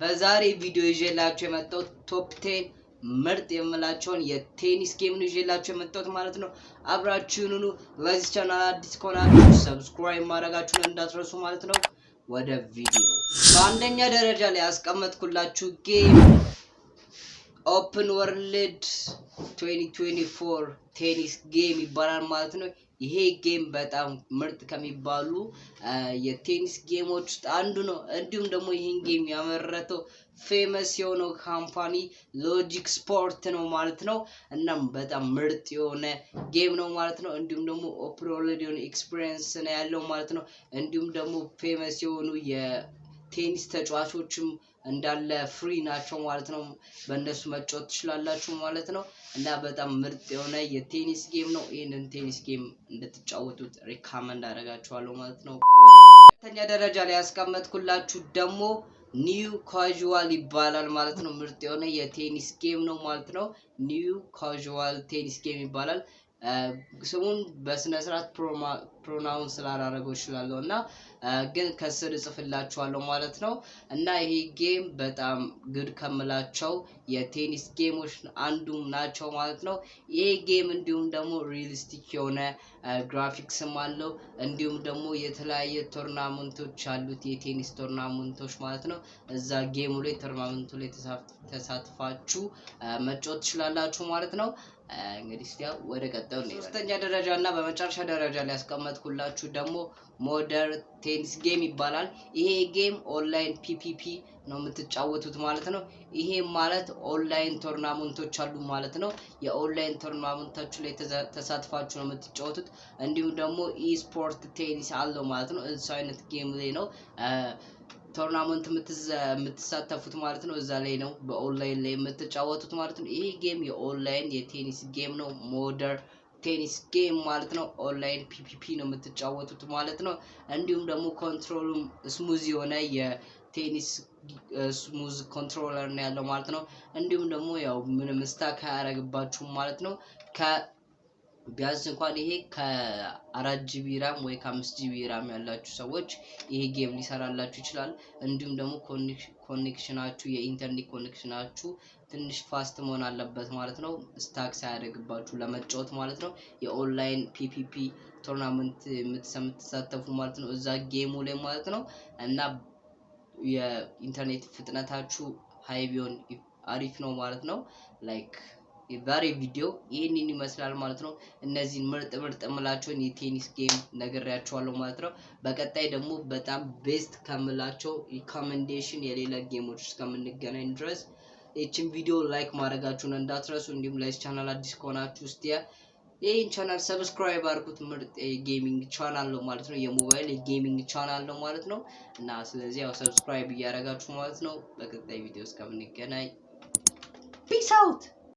በዛሬ ቪዲዮ ይዤላችሁ የመጣሁት ቶፕ ቴን ምርጥ የምላቸውን የቴኒስ ጌም ነው ይዤላችሁ የመጣሁት ማለት ነው። አብራችሁን ሁኑ። ለዚህ ቻናል አዲስ ከሆናችሁ ሰብስክራይብ ማድረጋችሁን እንዳትረሱ ማለት ነው። ወደ ቪዲዮ በአንደኛ ደረጃ ላይ ያስቀመጥኩላችሁ ጌም ኦፕን ወርልድ 2024 ቴኒስ ጌም ይባላል ማለት ነው። ይሄ ጌም በጣም ምርጥ ከሚባሉ የቴኒስ ጌሞች ውስጥ አንዱ ነው። እንዲሁም ደግሞ ይህን ጌም ያመረተው ፌመስ የሆነው ካምፓኒ ሎጂክ ስፖርት ነው ማለት ነው። እናም በጣም ምርጥ የሆነ ጌም ነው ማለት ነው። እንዲሁም ደግሞ ኦፕሮሎድ የሆነ ኤክስፒሪየንስ ነው ያለው ማለት ነው። እንዲሁም ደግሞ ፌመስ የሆኑ የ ቴኒስ ተጫዋቾችም እንዳለ ፍሪ ናቸው ማለት ነው። በእነሱ መጫወት ትችላላችሁ ማለት ነው እና በጣም ምርጥ የሆነ የቴኒስ ጌም ነው። ይህንን ቴኒስ ጌም እንድትጫወቱት ሪካመንድ አደርጋችኋለሁ ማለት ነው። ሁለተኛ ደረጃ ላይ ያስቀመጥኩላችሁ ደግሞ ኒው ካዥዋል ይባላል ማለት ነው። ምርጥ የሆነ የቴኒስ ጌም ነው ማለት ነው። ኒው ካዥዋል ቴኒስ ጌም ይባላል። ስሙን በስነ ስርዓት ፕሮናውን ስላላረገው እና ግን ከስር እጽፍላችኋለሁ ማለት ነው። እና ይሄ ጌም በጣም ግድ ከምላቸው የቴኒስ ጌሞች አንዱም ናቸው ማለት ነው። ይሄ ጌም እንዲሁም ደግሞ ሪሊስቲክ የሆነ ግራፊክስም አለው። እንዲሁም ደግሞ የተለያየ ቶርናመንቶች አሉት፣ የቴኒስ ቶርናመንቶች ማለት ነው። እዛ ጌሙ ላይ ቶርናመንቱ ላይ ተሳትፋችሁ መጫወት ትችላላችሁ ማለት ነው። እንግዲህ እስቲ ወደ ቀጣዩ ነው። ሶስተኛ ደረጃ እና በመጨረሻ ደረጃ ላይ ያስቀመጥኩላችሁ ደግሞ ሞደር ቴኒስ ጌም ይባላል። ይሄ ጌም ኦንላይን ፒፒፒ ነው የምትጫወቱት ማለት ነው። ይሄ ማለት ኦንላይን ቶርናመንቶች አሉ ማለት ነው። የኦንላይን ቶርናመንቶች ላይ ተሳትፋችሁ ነው የምትጫወቱት። እንዲሁም ደግሞ ኢስፖርት ቴኒስ አለው ማለት ነው። እሱ አይነት ጌም ላይ ነው ቶርናመንት የምትሳተፉት ማለት ነው። እዛ ላይ ነው በኦንላይን ላይ የምትጫወቱት ማለት ነው። ይህ ጌም የኦንላይን የቴኒስ ጌም ነው። ሞደር ቴኒስ ጌም ማለት ነው። ኦንላይን ፒፒፒ ነው የምትጫወቱት ማለት ነው። እንዲሁም ደግሞ ኮንትሮሉ ስሙዝ የሆነ የቴኒስ ስሙዝ ኮንትሮለር ነው ያለው ማለት ነው። እንዲሁም ደግሞ ያው ምንም ስታክ አያደርግባችሁም ማለት ነው። ቢያንስ እንኳን ይሄ ከአራት ጂቢ ራም ወይ ከአምስት ጂቢ ራም ያላችሁ ሰዎች ይሄ ጌም ሊሰራላችሁ ይችላል። እንዲሁም ደግሞ ኮኔክሽናችሁ የኢንተርኔት ኮኔክሽናችሁ ትንሽ ፋስት መሆን አለበት ማለት ነው። ስታክ ሳያደግባችሁ ለመጫወት ማለት ነው። የኦንላይን ፒፒፒ ቶርናመንት የምትሳተፉ ማለት ነው፣ እዛ ጌሙ ላይ ማለት ነው እና የኢንተርኔት ፍጥነታችሁ ሀይ ቢሆን አሪፍ ነው ማለት ነው ላይክ የዛሬ ቪዲዮ ይህንን ይመስላል ማለት ነው። እነዚህን ምርጥ ምርጥ ምላቸውን የቴኒስ ጌም ነግሬያቸዋለሁ ማለት ነው። በቀጣይ ደግሞ በጣም ቤስት ከምላቸው ሪኮመንዴሽን የሌላ ጌሞች እስከምንገናኝ ድረስ ይችን ቪዲዮ ላይክ ማድረጋችሁን እንዳትረሱ። እንዲሁም ላይስ ቻናል አዲስ ከሆናችሁ ውስጥ ይህን ቻናል ሰብስክራይብ አድርጉት። ምርጥ የጌሚንግ ቻናል ነው ማለት ነው። የሞባይል የጌሚንግ ቻናል ነው ማለት ነው። እና ስለዚህ ያው ሰብስክራይብ እያደረጋችሁ ማለት ነው። በቀጣይ ቪዲዮ እስከምንገናኝ ፒስ አውት